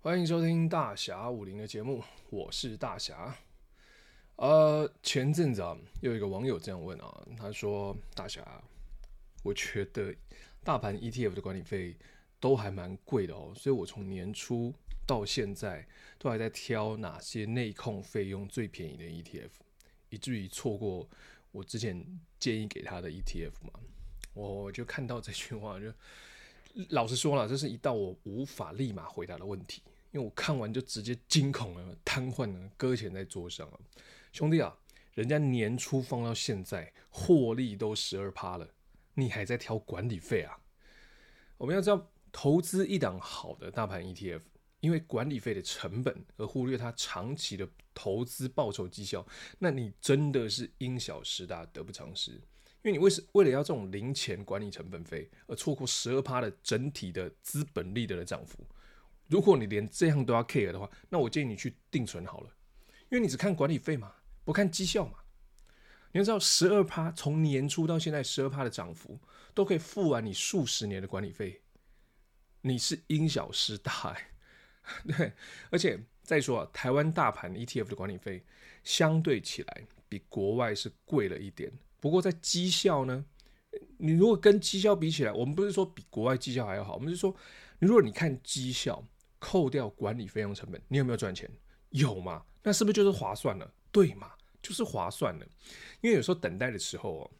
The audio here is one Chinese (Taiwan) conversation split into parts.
歡迎收聽大俠武林的節目，我是大俠。呃，前陣子啊，有一個網友這樣問啊，他說：“大俠，我覺得大盤 ETF 的管理費都還蠻貴的哦，所以我從年初到現在都還在挑哪些內控費用最便宜的 ETF，以至於錯過我之前建議給他的 ETF 嘛。”我我就看到這句話就。老實說了，這是一道我無法立馬回答的問題，因為我看完就直接驚恐了、癱瘓了、擱淺在桌上了。兄弟啊，人家年初放到現在，獲利都十二趴了，你還在挑管理費啊？我們要知道，投資一檔好的大盤 ETF，因為管理費的成本而忽略它長期的投資報酬績效，那你真的是因小失大，得不償失。因為你為什為了要這種零錢管理成本費而錯過十二趴的整體的資本利得的漲幅，如果你連這樣都要 care 的話，那我建議你去定存好了，因為你只看管理費嘛，不看績效嘛。你要知道十二趴，十二趴從年初到現在十二趴的漲幅，都可以付完你數十年的管理費。你是因小失大，欸，對。而且再說啊，台灣大盤 ETF 的管理費相對起來比國外是貴了一點。不過在績效呢，你如果跟績效比起來，我們不是說比國外績效還要好，我們是說，如果你看績效，扣掉管理費用成本，你有沒有賺錢？有嘛？那是不是就是划算了？對嘛？就是划算了，因為有時候等待的時候哦，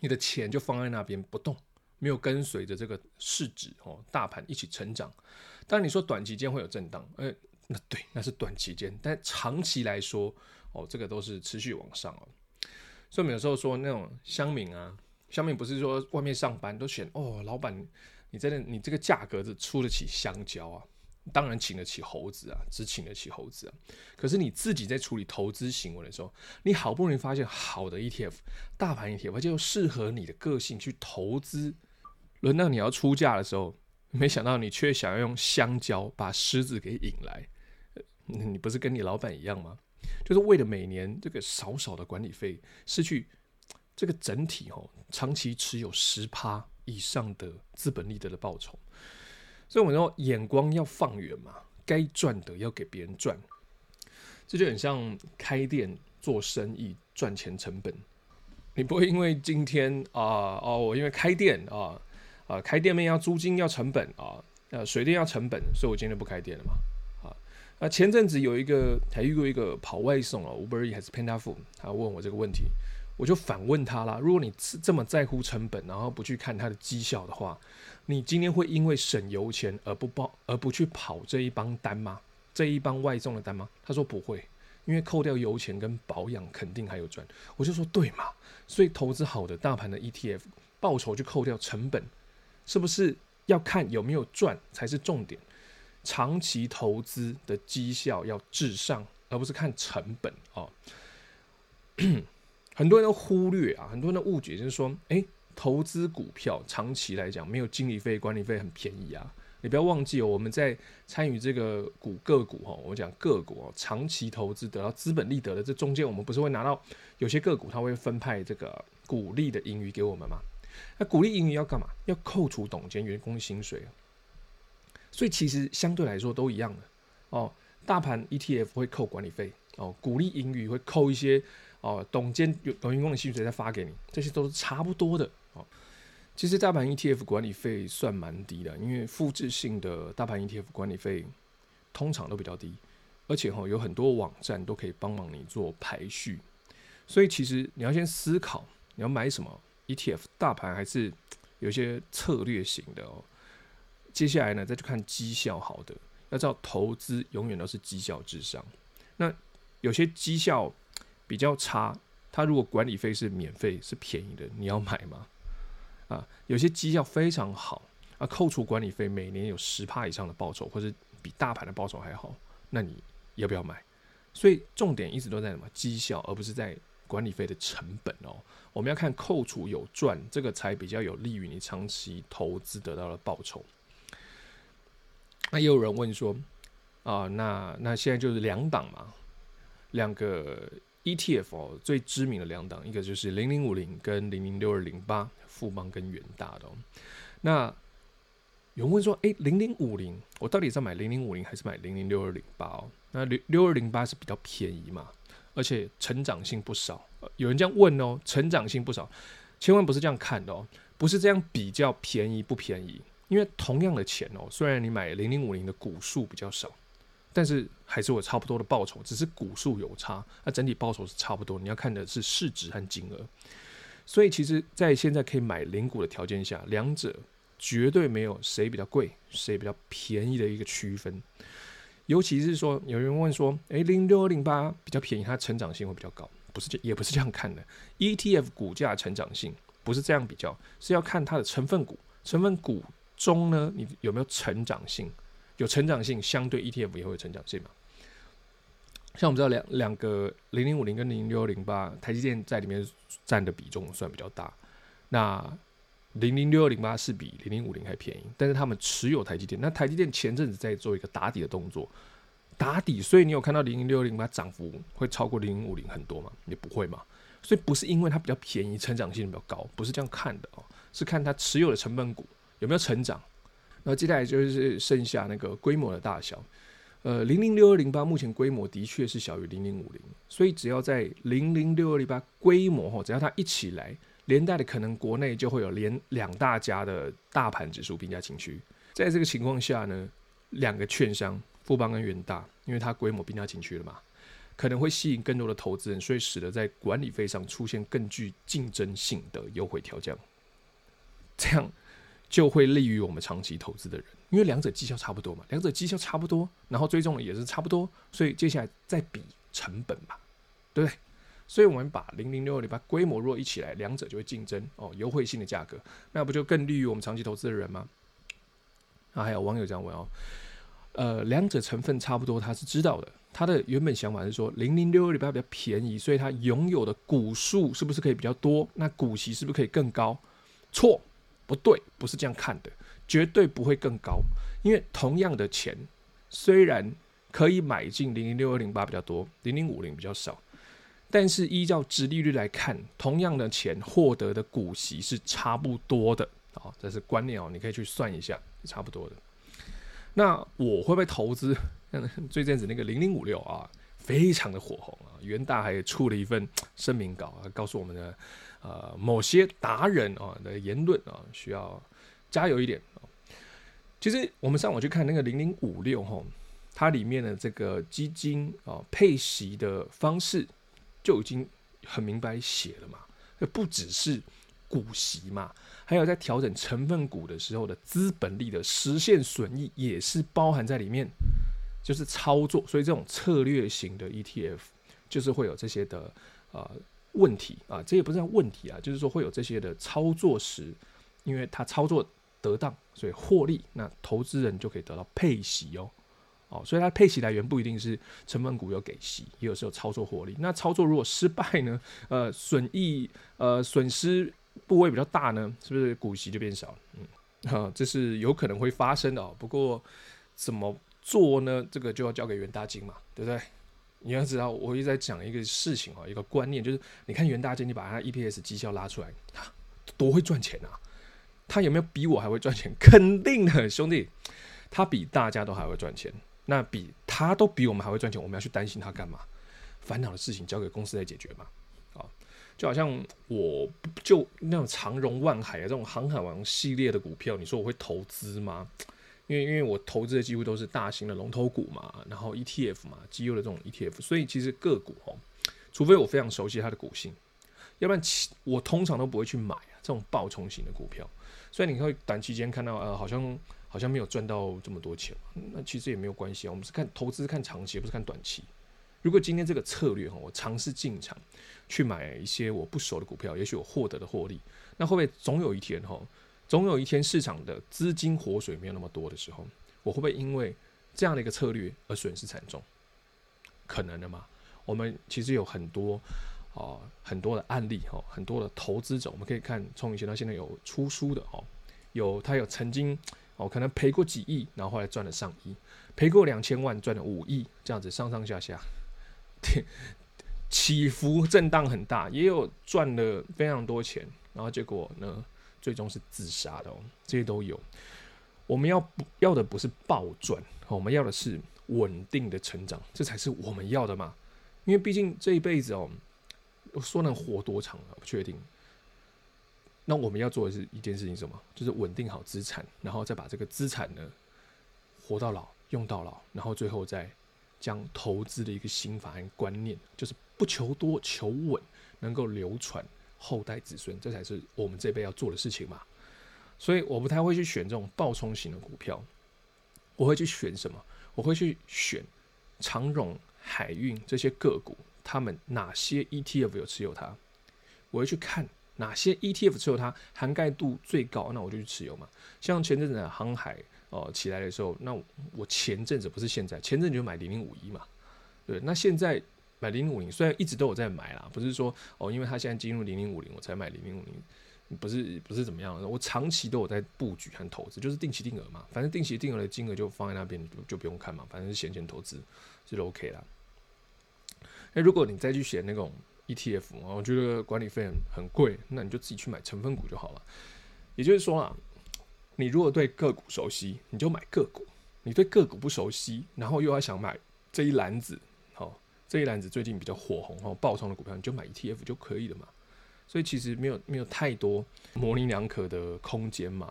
你的錢就放在那邊不動，沒有跟隨着這個市值哦，大盤一起成長。當然你說短期間會有震盪，哎、呃，那對，那是短期間，但長期來說哦，這個都是持續往上、哦所以有時候說那種鄉民啊，鄉民不是說外面上班都選哦，老板，你真的你這個價格是出得起香蕉啊，當然請得起猴子啊，只請得起猴子啊。可是你自己在處理投資行為的時候，你好不容易發現好的 ETF、大盤 ETF，它就適合你的個性去投資。輪到你要出價的時候，沒想到你卻想要用香蕉把獅子給引來，你不是跟你老板一樣嗎？就是為了每年這個少少的管理費，失去這個整體齁長期持有十趴以上的資本利得的報酬，所以我們說眼光要放遠嘛，該賺的要給別人賺，這就很像開店做生意賺錢成本，你不會因為今天啊、呃、哦我因為開店啊啊、呃呃、開店面要租金要成本啊呃水電要成本，所以我今天不開店了嘛。啊，前陣子有一個還遇過一個跑外送啊，Uber Eats 還是 Foodpanda 他問我這個問題，我就反問他啦。如果你這麼在乎成本，然後不去看它的績效的話，你今天會因為省油錢而不報，而不去跑這一幫單嗎？這一幫外送的單嗎？他說不會，因為扣掉油錢跟保養，肯定還有賺。我就說對嘛，所以投資好的大盤的 ETF，報酬就扣掉成本，是不是要看有沒有賺才是重點？長期投資的績效要至上，而不是看成本哦。 很多人都忽略啊，很多人都誤解，就是說，欸、投資股票長期來講沒有經理費、管理費很便宜啊。你不要忘記哦，我們在參與這個股個股哈、哦，我們講個股、哦、長期投資得到資本利得的這中間，我們不是會拿到有些個股它會分派這個股利的盈餘給我們嗎？那股利盈餘要幹嘛？要扣除董監、員工薪水。所以其實相對來說都一樣的哦，大盤 ETF 會扣管理費哦，股利盈餘會扣一些哦，董監董員工的薪水再發給你，這些都是差不多的哦。其實大盤 ETF 管理費算蠻低的，因為複製性的大盤 ETF 管理費通常都比較低，而且哈、哦、有很多網站都可以幫忙你做排序，所以其實你要先思考你要買什麼 ETF，大盤還是有些策略型的哦。接下來呢，再去看績效好的，要知道投資永遠都是績效至上。那有些績效比較差，它如果管理費是免費，是便宜的，你要買嗎？啊，有些績效非常好，啊，扣除管理費每年有十趴以上的報酬，或是比大盤的報酬還好，那你要不要買？所以重點一直都在什麼績效，而不是在管理費的成本哦、喔。我們要看扣除有賺，這個才比較有利於你長期投資得到的報酬。那也有人問說，啊、呃，那那現在就是兩檔嘛，兩個 ETF、哦、最知名的兩檔，一個就是零零五零跟零零六二零八，富邦跟元大的、哦。那有人問說，哎、欸，零零五零，我到底是在買零零五零還是買零零六二零八哦？那六六二零八是比較便宜嘛，而且成長性不少、呃。有人這樣問哦，成長性不少，千萬不是這樣看的哦，不是這樣比較便宜不便宜。因為同樣的錢哦，雖然你買零零五零的股數比較少，但是還是有差不多的報酬，只是股數有差，那、啊、整體報酬是差不多。你要看的是市值和金額，所以其實，在現在可以買零股的條件下，兩者絕對沒有誰比較貴，誰比較便宜的一個區分。尤其是說，有人問說：“哎，零六二零八比較便宜，它成長性會比較高？”不是，也不是這樣看的。ETF 股價成長性不是這樣比較，是要看它的成分股，成分股。中呢？你有沒有成長性？有成長性，相對 ETF 也會有成長性嘛？像我們知道兩兩個零零五零跟零零六二零八，台積電在裡面佔的比重算比較大。那零零六二零八是比零零五零還便宜，但是他們持有台積電。那台積電前陣子在做一個打底的動作，打底，所以你有看到零零六二零八漲幅會超過零零五零很多嗎？也不會嘛。所以不是因為它比較便宜，成長性比較高，不是這樣看的哦、喔，是看它持有的成本股。有沒有成長？那接下來就是剩下那個規模的大小。呃，零零六二零八目前規模的確是小於零零五零，所以只要在零零六二零八規模，吼，只要它一起來，連帶的可能國內就會有連兩大家的大盤指數並駕齊驅。在這個情況下呢，兩個券商，富邦跟元大，因為它規模並駕齊驅了嘛，可能會吸引更多的投資人，所以使得在管理費上出現更具競爭性的優惠調降，這樣。就會利於我們長期投資的人，因為兩者績效差不多嘛，兩者績效差不多，然後追蹤的也是差不多，所以接下來再比成本嘛，對不對？所以我們把006208規模若一起來，兩者就會競爭哦，優惠性的價格，那不就更利於我們長期投資的人嗎？啊，還有網友這樣問哦，呃，兩者成分差不多，他是知道的，他的原本想法是說006208比較便宜，所以他擁有的股數是不是可以比較多？那股息是不是可以更高？錯。不對，不是這樣看的，絕對不會更高，因為同樣的錢，雖然可以買進零零六二零八比較多，零零五零比較少，但是依照殖利率來看，同樣的錢獲得的股息是差不多的啊。哦，這是觀念哦，你可以去算一下，差不多的。那我會不會投資最陣子那個零零五六啊？非常的火紅啊！元大還出了一份聲明稿啊，告訴我們的啊、呃、某些達人啊的言論啊，需要加油一點啊。其實我們上網去看那個零零五六它裡面的這個基金啊、呃、配息的方式就已經很明白寫了嘛，不只是股息嘛，還有在調整成分股的時候的資本利的實現損益也是包含在裡面。就是操作，所以這種策略型的 ETF 就是會有這些的呃問題啊，這也不是問題啊，就是說會有這些的操作時，因為它操作得當，所以獲利，那投資人就可以得到配息哦，哦，所以它配息來源不一定是成分股有給息，也有時候操作獲利。那操作如果失敗呢？呃，損益呃損失部位比較大呢，是不是股息就變少了？嗯，哈、啊，這是有可能會發生的哦。不過怎麼？做呢，這個就要交給元大金嘛，對不對？你要知道，我一直在講一個事情哦、喔，一個觀念，就是你看元大金，你把他 EPS 績效拉出來，他多會賺錢啊？他有沒有比我還會賺錢？肯定的，兄弟，他比大家都還會賺錢。那比他都比我們還會賺錢，我們要去擔心他幹嘛？煩惱的事情交給公司來解決嘛。啊，就好像我就那種長榮、萬海啊這種航海王系列的股票，你說我會投資嗎？因為因為我投資的幾乎都是大型的龍頭股嘛，然後 ETF 嘛，績優的這種 ETF，所以其實個股哦，除非我非常熟悉它的股性，要不然其我通常都不會去買這種暴衝型的股票。所以你會短期間看到呃，好像好像沒有賺到這麼多錢，那其實也沒有關係啊。我們是看投資看長期，不是看短期。如果今天這個策略哈，我嘗試進場去買一些我不熟的股票，也許我獲得的獲利，那會不會總有一天哈？總有一天，市場的資金活水沒有那麼多的時候，我會不會因為這樣的一個策略而損失慘重？可能的嗎？我們其實有很多啊、呃，很多的案例哈、呃，很多的投資者，我們可以看從以前到現在有出書的哦、呃，有他有曾經哦、呃，可能賠過幾億，然後後來賺了上億，賠過兩千萬，賺了五億，這樣子上上下下，起伏震盪很大，也有賺了非常多錢，然後結果呢？最終是自殺的哦，這些都有。我們要不要的不是暴賺，我們要的是穩定的成長，這才是我們要的嘛。因為畢竟這一輩子哦，我說能活多長啊，不確定。那我們要做的是一件事情什麼？就是穩定好資產，然後再把這個資產呢，活到老，用到老，然後最後再將投資的一個心法跟觀念，就是不求多求穩，能夠流傳。後代子孫，這才是我們這輩要做的事情嘛。所以我不太會去選這種暴衝型的股票，我會去選什麼？我會去選長榮海運這些個股，他們哪些 ETF 有持有它？我會去看哪些 ETF 持有它，涵蓋度最高，那我就去持有嘛。像前陣子的航海哦、呃、起來的時候，那我前陣子不是現在，前陣子就買零零五一嘛，對，那現在。買零五零，雖然一直都有在買啦，不是說哦，因為它現在進入零零五零，我才買零零五零，不是不是怎麼樣，我長期都有在布局和投資，就是定期定額嘛，反正定期定額的金額就放在那邊，就就不用看嘛，反正是閒錢投資，就 OK 啦。那如果你再去選那種 ETF 啊，我、哦、覺得管理費很很貴，那你就自己去買成分股就好了。也就是說啊，你如果對個股熟悉，你就買個股；你對個股不熟悉，然後又要想買這一籃子。這一籃子最近比較火紅哦，爆衝的股票你就買 ETF 就可以了嘛，所以其實沒有沒有太多模稜兩可的空間嘛，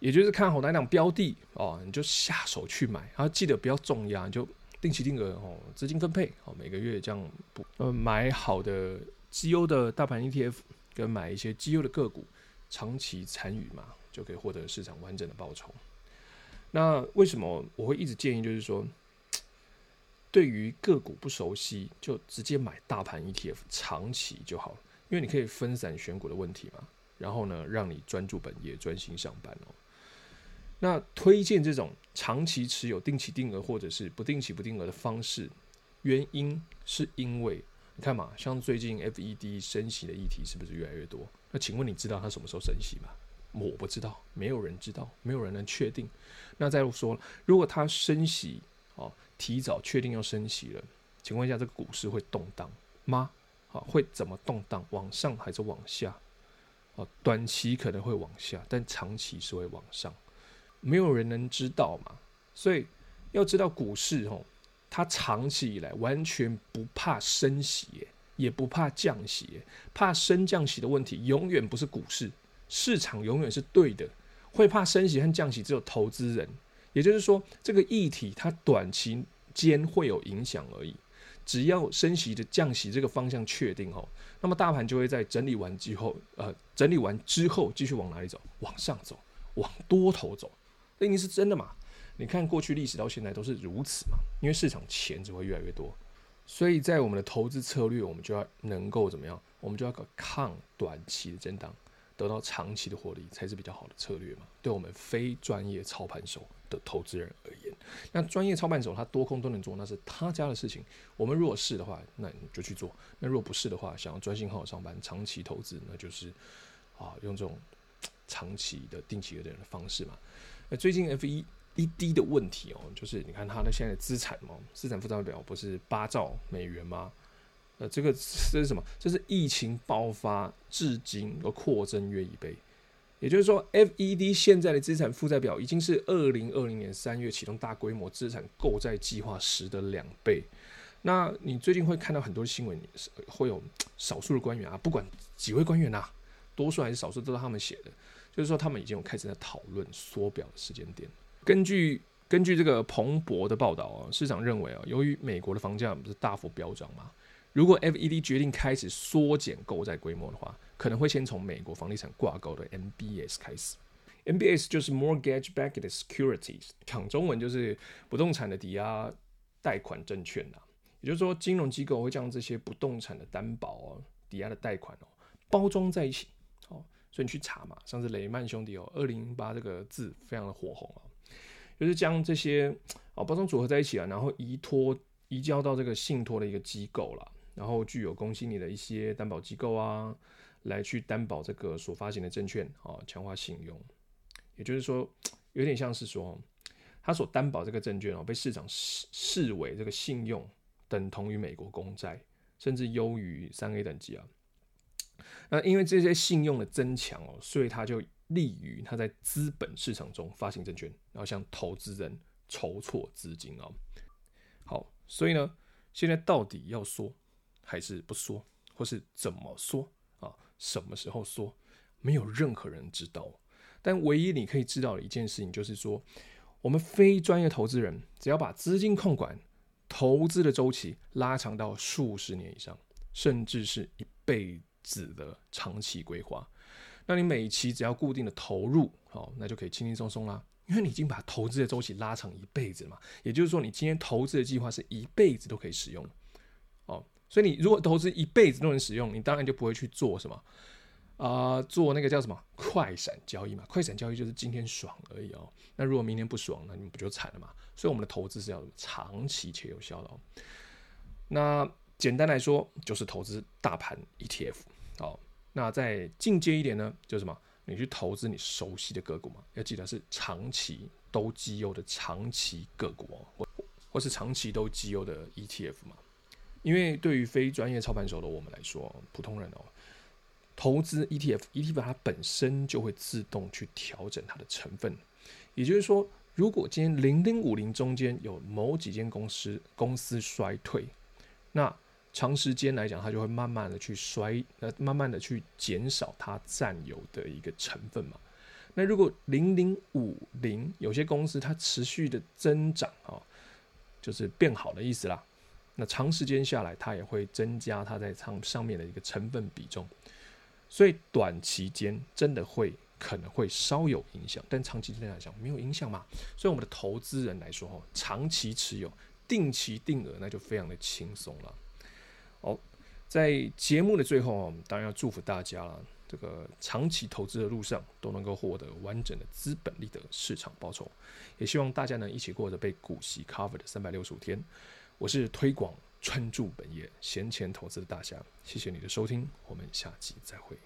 也就是看好哪兩標的哦，你就下手去買，然、啊、記得不要重壓，你就定期定額哦，資金分配哦，每個月這樣補呃、嗯、買好的績優的大盤 ETF 跟買一些績優的個股，長期參與嘛，就可以獲得市場完整的報酬。那為什麼我會一直建議就是說？對於個股不熟悉，就直接買大盤 ETF 長期就好了，因為你可以分散選股的問題嘛。然後呢，讓你專注本業，專心上班哦。那推薦這種長期持有、定期定額或者是不定期不定額的方式，原因是因為你看嘛，像最近 FED 升息的議題是不是越來越多？那請問你知道他什麼時候升息嗎？我不知道，沒有人知道，沒有人能確定。那再說，如果他升息，哦、提早確定要升息了，請問一下這個股市會動盪嗎、哦？會怎麼動盪？往上還是往下、哦？短期可能會往下，但長期是會往上，沒有人能知道嘛。所以要知道股市哦，它長期以來完全不怕升息，也不怕降息，怕升降息的問題永遠不是股市，市場永遠是對的，會怕升息和降息只有投資人。也就是說，這個議題它短期間會有影響而已。只要升息的降息這個方向確定後，那麼大盤就會在整理完之後，呃，整理完之後繼續往哪裡走？往上走，往多頭走。那你是真的嘛？你看過去歷史到現在都是如此嘛。因為市場錢只會越來越多，所以在我們的投資策略，我們就要能夠怎麼樣？我們就要抗短期的震盪，得到長期的獲利才是比較好的策略嘛。對我們非專業操盤手。的投資人而言，那專業操盤手他，多空都能做，那是他家的事情。我們如果是的話，那你就去做；那如果不是的話，想要專心好好上班、長期投資，那就是啊，用這種長期的定期的這種的方式嘛。那、呃、最近 FED 的問題哦，就是你看它的現在的資產嘛、哦，資產負債表不是八兆美元嗎？那、呃、這個這是什麼？這是疫情爆發至今而擴增約一倍。也就是說，FED 現在的資產負債表已經是二零二零年三月啟動大規模資產購債計劃時的兩倍。那你最近會看到很多新聞，會有少數的官員啊，不管幾位官員啊，多數還是少數，都是他們寫的。就是說，他們已經有開始在討論縮表的時間點。根據根據這個彭博的報道啊，市場認為啊，由於美國的房價不是大幅飆漲嗎？如果 FED 決定開始縮減購債規模的話，可能會先從美國房地產掛鈎的 MBS 開始。MBS 就是 mortgage-backed securities，講中文就是不動產的抵押貸款證券啦。也就是說，金融機構會將這些不動產的擔保哦、喔、抵押的貸款哦、喔、包裝在一起哦、喔。所以你去查嘛，像是雷曼兄弟哦、喔，二零零八這個字非常的火紅啊、喔，就是將這些啊、喔、包裝組合在一起啊，然後移托移交到這個信托的一個機構啦。然後具有公信力的一些擔保機構啊，來去擔保這個所發行的證券，啊、喔，強化信用。也就是說，有點像是說，他所擔保這個證券哦、喔，被市場視視為這個信用等同於美國公債，甚至優於三 A 等級啊。那因為這些信用的增強哦、喔，所以它就利於它在資本市場中發行證券，然後向投資人籌措資金啊、喔。好，所以呢，現在到底要說。還是不說，或是怎麼說啊？什麼時候說，沒有任何人知道。但唯一你可以知道的一件事情，就是說，我們非專業投資人，只要把資金控管、投資的週期拉長到數十年以上，甚至是一輩子的長期規劃，那你每期只要固定的投入，好，那就可以輕輕鬆鬆啦。因為你已經把投資的週期拉長一輩子了嘛，也就是說，你今天投資的計劃是一輩子都可以使用哦。所以你如果投資一輩子都能使用，你當然就不會去做什麼啊、呃，做那個叫什麼快閃交易嘛？快閃交易就是今天爽而已哦、喔。那如果明天不爽，那你不就慘了嘛？所以我們的投資是要長期且有效的、喔。那簡單來說就是投資大盤 ETF 哦。那再進階一點呢，就是什麼？你去投資你熟悉的個股嘛？要記得是長期都績優的長期個股、喔，或或是長期都績優的 ETF 嘛。因為對於非專業操盤手的我們來說，普通人哦，投資 ETF，ETF 它本身就會自動去調整它的成分。也就是說，如果今天零零五零中間有某幾間公司公司衰退，那長時間來講，它就會慢慢的去衰，呃，慢慢的去減少它佔有的一個成分嘛。那如果零零五零有些公司它持續的增長啊，就是變好的意思啦。那長時間下來，它也會增加它在倉上面的一個成本比重，所以短期間真的會可能會稍有影響，但長期間來講沒有影響嘛。所以我們的投資人來說，長期持有、定期定額，那就非常的輕鬆了。好，在節目的最後啊，我們當然要祝福大家了。這個長期投資的路上，都能夠獲得完整的資本利得、市場報酬，也希望大家能一起過着被股息 covered 三百六十五天。我是推廣專注本業閒錢投資的大俠，謝謝你的收聽，我們下期再會。